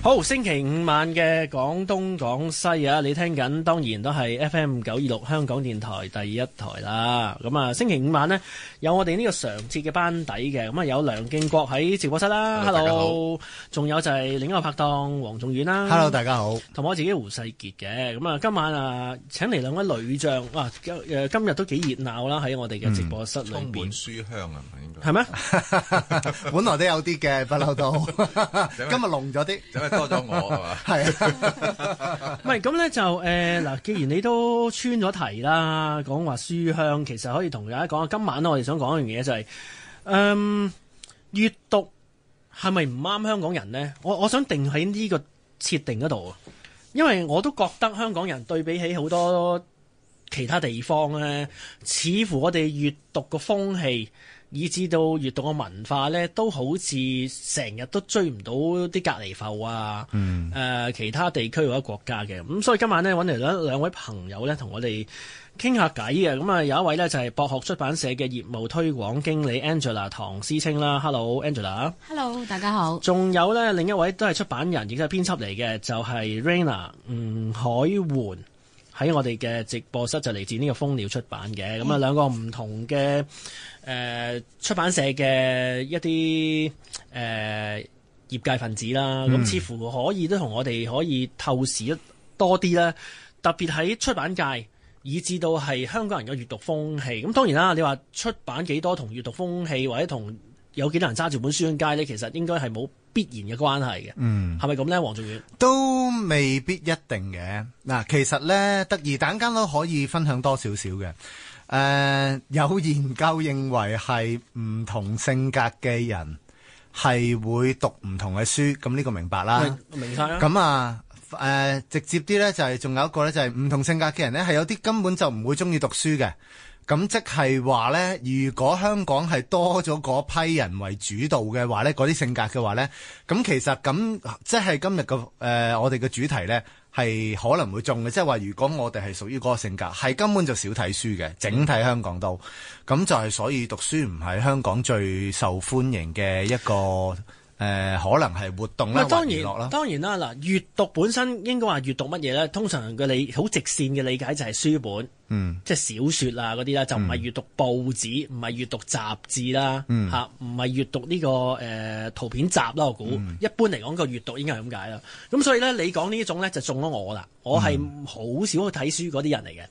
好，星期五晚嘅廣東廣西啊，你聽緊當然都係 FM 九二六香港電台第一台啦。咁、嗯、啊，星期五晚呢，有我哋呢個常設嘅班底嘅，咁、嗯、啊有梁敬國喺直播室啦，Hello，仲 Hello, 有就係另一個拍檔黃仲遠啦、啊、，Hello，大家好，同我自己胡世傑嘅。咁、嗯、啊，今晚啊，請嚟兩位女將，哇、啊，今日都幾熱鬧啦，喺我哋嘅直播室裏邊、嗯，充滿書香啊，係咪應該？係咩嗎？ 本來都有啲嘅，不嬲到，今日濃咗啲。多咗我係嘛？係、 啊。唔係咁咧，就誒嗱、呃，既然你都穿咗題啦，講話書香，其實可以同大家講下。今晚咧、就是，我哋想講一樣嘢就係，嗯，閱讀係咪唔啱香港人咧？我我想定喺呢個設定嗰度，因為我都覺得香港人對比起好多，其他地方咧，似乎我哋閲讀嘅風氣，以至到閲讀嘅文化咧，都好似成日都追唔到啲隔離埠啊！誒、嗯呃，其他地區或者國家嘅咁、嗯，所以今晚咧揾嚟咗兩位朋友咧，同我哋傾下偈啊！咁、嗯、啊，有一位咧就係、是、博學出版社嘅業務推廣經理 Angela 唐詩清啦。Hello，Angela。Hello，大家好。仲有咧另一位都係出版人，亦都係編輯嚟嘅，就係、是、Raina 吳愷媛，喺我哋嘅直播室就嚟自呢個蜂鳥出版嘅，咁啊兩個唔同嘅誒、呃、出版社嘅一啲誒、呃、業界分子啦，咁、嗯、似乎可以都同我哋可以透視多啲咧，特別喺出版界，以至到係香港人嘅閱讀風氣。咁當然啦，你話出版幾多同閱讀風氣或者同。有幾多人揸住本書出街咧？其實應該係冇必然嘅關係嘅。嗯，係咪咁咧？黃仲遠都未必一定嘅。嗱，其實咧，得意蛋間都可以分享多少少嘅。誒、呃，有研究認為係唔同性格嘅人係會讀唔同嘅書，咁呢個明白啦。明白啦。咁啊。誒、呃、直接啲呢，就係仲有一個呢，就係唔同性格嘅人呢，係有啲根本就唔會鍾意讀書嘅。咁、嗯、即係話呢，如果香港係多咗嗰批人為主導嘅話呢，嗰啲性格嘅話呢，咁、嗯、其實咁即係今日個誒我哋嘅主題呢，係可能會中嘅，即係話如果我哋係屬於嗰個性格，係根本就少睇書嘅，整體香港都咁、嗯嗯、就係所以讀書唔係香港最受歡迎嘅一個。誒、呃，可能係活動啦，當然、或娛樂啦，當然啦。嗱，閱讀本身應該話閱讀乜嘢咧？通常嘅理好直線嘅理解就係書本，嗯，即係小說啊嗰啲啦，就唔係閱讀報紙，唔係閱讀雜誌啦，吓、呃，唔係閱讀呢個誒圖片集啦。我估、嗯、一般嚟講個閱讀應該係咁解啦。咁所以咧，你講呢種咧就中咗我啦。我係好少去睇書嗰啲人嚟嘅，嗯、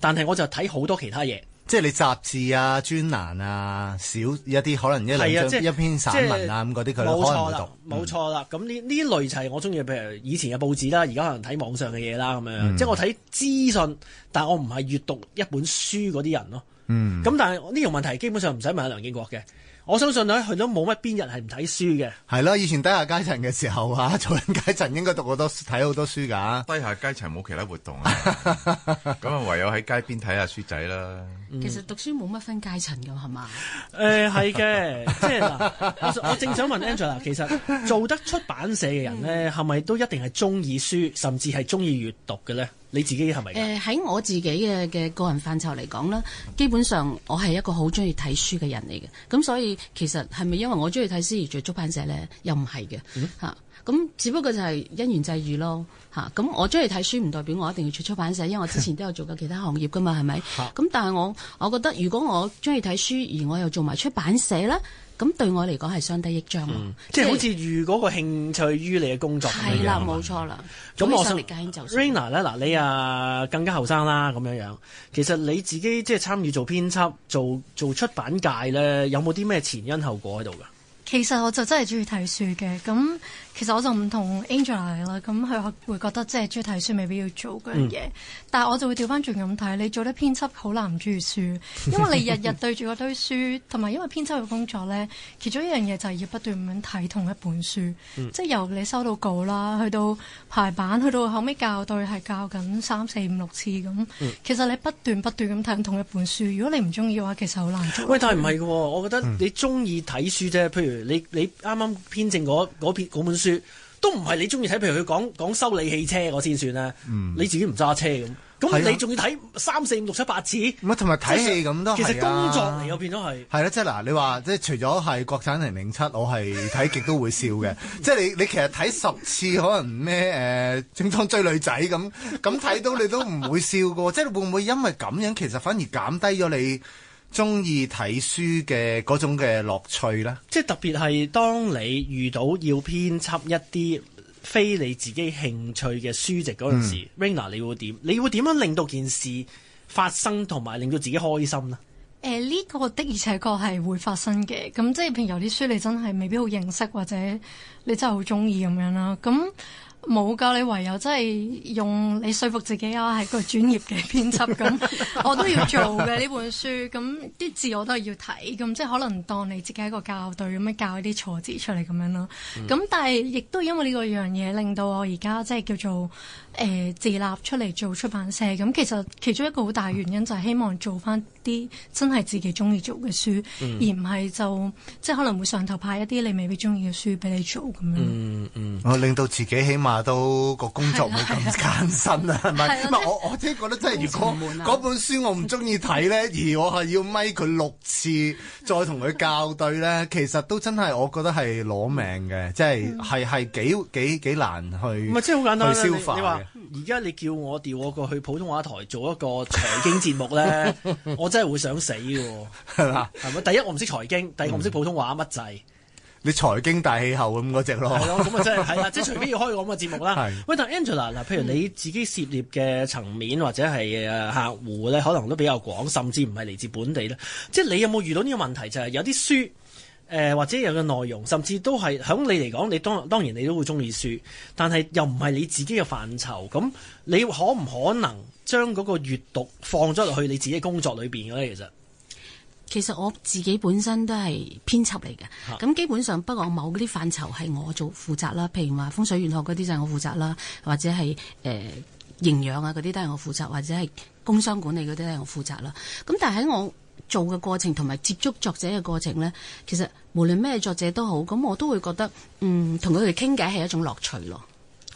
但係我就睇好多其他嘢。即係你雜誌啊、專欄啊、少一啲可能一兩張、啊、即一篇散文啊咁嗰啲佢開嚟讀，冇錯啦。咁呢呢類就係我中意，譬如以前嘅報紙啦，而家可能睇網上嘅嘢啦咁樣。嗯、即係我睇資訊，但係我唔係閲讀一本書嗰啲人咯。嗯。咁但係呢樣問題基本上唔使問阿梁敬國嘅。我相信咧，佢都冇乜邊日係唔睇書嘅。係咯，以前低下階層嘅時候啊，做緊階層應該讀好多睇好多書㗎、啊。低下階層冇其他活動啊，咁啊 唯有喺街邊睇下書仔啦。嗯、其實讀書冇乜分階層㗎，係嘛？誒係嘅，即係嗱，我我正想問 Angela 其實做得出版社嘅人咧，係咪 都一定係中意書，甚至係中意閱讀嘅咧？你自己係咪？誒、呃，喺我自己嘅嘅個人範疇嚟講咧，基本上我係一個好中意睇書嘅人嚟嘅，咁所以其實係咪因為我中意睇書而做出版社呢？又唔係嘅吓，咁、嗯啊、只不過就係因緣際遇咯吓，咁、啊、我中意睇書唔代表我一定要出出版社，因為我之前都有做過其他行業噶嘛，係咪？ 咁但係我我覺得如果我中意睇書而我又做埋出版社呢，咁對我嚟講係相得益彰，即係好似如果個興趣於你嘅工作，係啦的，冇嗎錯啦。咁那我想，Raina 咧，嗱、er，你啊更加後生啦，咁樣樣，其實你自己即係參與做編輯、做做出版界咧，有冇啲咩前因後果喺度㗎？其實我就真係中意睇書嘅，咁。其實我就唔同 Angela 啦，咁佢會覺得即係中意睇書未必要做嗰樣嘢，嗯、但係我就會調翻轉咁睇，你做得編輯好難唔中意書，因為你日日對住嗰堆書，同埋 因為編輯嘅工作咧，其中一樣嘢就係要不斷咁睇同一本書，嗯、即係由你收到稿啦，去到排版，去到後尾校對係校緊三四五六次咁，嗯、其實你不斷不斷咁睇同一本書，如果你唔中意嘅話，其實好難做。喂，但係唔係嘅喎，我覺得你中意睇書啫，譬如你你啱啱編正嗰本書。都唔係你中意睇，譬如佢講講修理汽車我先算啦。嗯、你自己唔揸車咁，咁你仲要睇三四五六七八次，咁啊同埋睇戲咁都其實工作嚟，我變咗係係啦，即係嗱，你話即係除咗係國產零零七，我係睇極都會笑嘅。即係 你你其實睇十次可能咩誒、呃，正當追女仔咁咁睇到你都唔會笑嘅。即係 會唔會因為咁樣，其實反而減低咗你？中意睇書嘅嗰種嘅樂趣啦，即係特別係當你遇到要編輯一啲非你自己興趣嘅書籍嗰陣時，嗯、Raina，er, 你會點？你會點樣令到件事發生同埋令到自己開心咧？誒、呃，呢、呢個的而且確係會發生嘅。咁即係譬如有啲書你真係未必好認識，或者你真係好中意咁樣啦。咁冇教你唯有真係用，你說服自己我係個專業嘅編輯咁， 我都要做嘅呢本書，咁啲字我都係要睇，咁即係可能當你自己一個教導咁樣教一啲錯字出嚟咁樣咯。咁但係亦都因為呢個樣嘢，令到我而家即係叫做誒、呃、自立出嚟做出版社。咁其實其中一個好大原因就係希望做翻啲真係自己中意做嘅書、嗯、而唔係就即係可能會上頭派一啲你未必中意嘅書俾你做咁樣嗯，嗯 我令到自己起碼。都個工作冇咁艱辛啊，唔係唔係，我即係覺得真係，如果嗰本書我唔中意睇咧，而我係要咪佢六次再同佢校對咧，其實都真係我覺得係攞命嘅，即係係係幾幾幾難去。唔係即係好簡單咧去消化，你話而家你叫我調我個去普通話台做一個財經節目咧，我真係會想死嘅，係嘛？第一我唔識財經，第二我唔識普通話乜滯。你財經大氣候咁嗰隻咯，咁啊真係係啦，即係隨便要開個咁嘅節目啦。喂，但 Angela 嗱，譬如你自己涉獵嘅層面或者係誒客戶咧，可能都比較廣，甚至唔係嚟自本地咧。即係你有冇遇到呢個問題？就係、是、有啲書誒、呃、或者有嘅內容，甚至都係響你嚟講，你當然當然你都會中意書，但係又唔係你自己嘅範疇。咁你可唔可能將嗰個閱讀放咗落去你自己工作裏邊嘅咧？其實？其實我自己本身都係編輯嚟嘅，咁、啊、基本上不過某啲範疇係我做負責啦。譬如話風水玄學嗰啲就係我負責啦，或者係誒營養啊嗰啲都係我負責，或者係、呃、工商管理嗰啲都係我負責啦。咁但係喺我做嘅過程同埋接觸作者嘅過程呢，其實無論咩作者都好，咁我都會覺得嗯同佢哋傾偈係一種樂趣咯。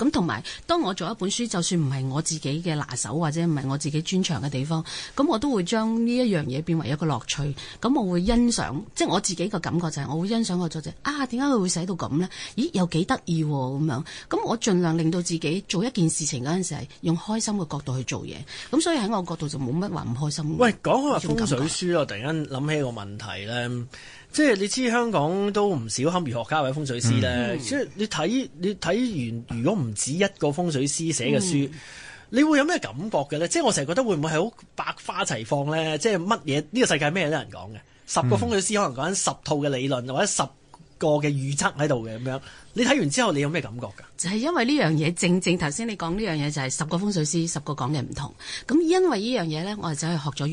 咁同埋，當我做一本書，就算唔係我自己嘅拿手或者唔係我自己專長嘅地方，咁我都會將呢一樣嘢變為一個樂趣。咁我會欣賞，即係我自己嘅感覺就係、是，我會欣賞個作者啊，點解佢會寫到咁呢？咦，又幾得意喎咁樣。咁我盡量令到自己做一件事情嗰陣時，係用開心嘅角度去做嘢。咁所以喺我角度就冇乜話唔開心。喂，講開話風水書，啊，我突然間諗起一個問題咧。即係你知香港都唔少堪輿學家或者風水師咧，嗯、即係你睇你睇完，如果唔止一個風水師寫嘅書，嗯、你會有咩感覺嘅咧？即係我成日覺得會唔會係好百花齊放咧？即係乜嘢呢個世界咩都有人講嘅，十個風水師可能講緊十套嘅理論、嗯、或者十個嘅預測喺度嘅咁樣，你睇完之後你有咩感覺㗎？就係因為呢樣嘢，正正頭先你講呢樣嘢就係十個風水師十個講嘅唔同。咁因為呢樣嘢咧，我係走去學咗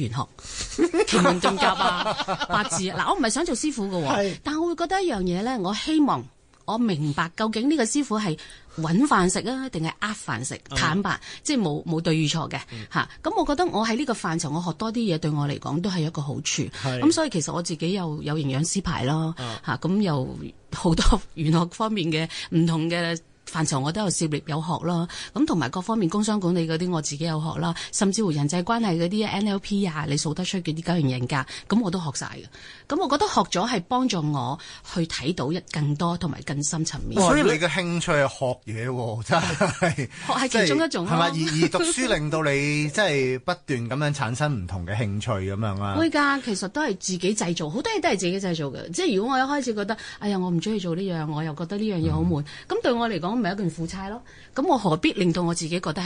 玄學、 奇門遁甲啊、八字。嗱，我唔係想做師傅㗎，是但係我會覺得一樣嘢咧，我希望。我明白究竟呢個師傅係揾飯食啊，定係呃飯食？坦白，uh. 即係冇冇對與錯嘅嚇。咁、uh. 啊、我覺得我喺呢個範疇，我學多啲嘢對我嚟講都係一個好處。咁是、啊、所以其實我自己又有營養師牌咯嚇，咁、啊啊啊、又好多娛樂方面嘅唔同嘅。範疇我都有涉獵，有學啦。咁同埋各方面工商管理嗰啲，我自己有學啦。甚至乎人際關係嗰啲 NLP 啊，你數得出嘅啲九型人格，咁我都學晒嘅。咁我覺得學咗係幫助我去睇到一更多同埋更深層面。所以你嘅興趣係學嘢㗎、啊，真係學係其中一種啊嘛、 就是。而而讀書令到你即係 不斷咁樣產生唔同嘅興趣咁樣啊。會㗎，其實都係自己製造，好多嘢都係自己製造嘅。即係如果我一開始覺得，哎呀，我唔中意做呢、這、樣、個，我又覺得呢樣嘢好悶，咁、嗯、對我嚟講。咪一件苦差咯，咁我何必令到我自己覺得？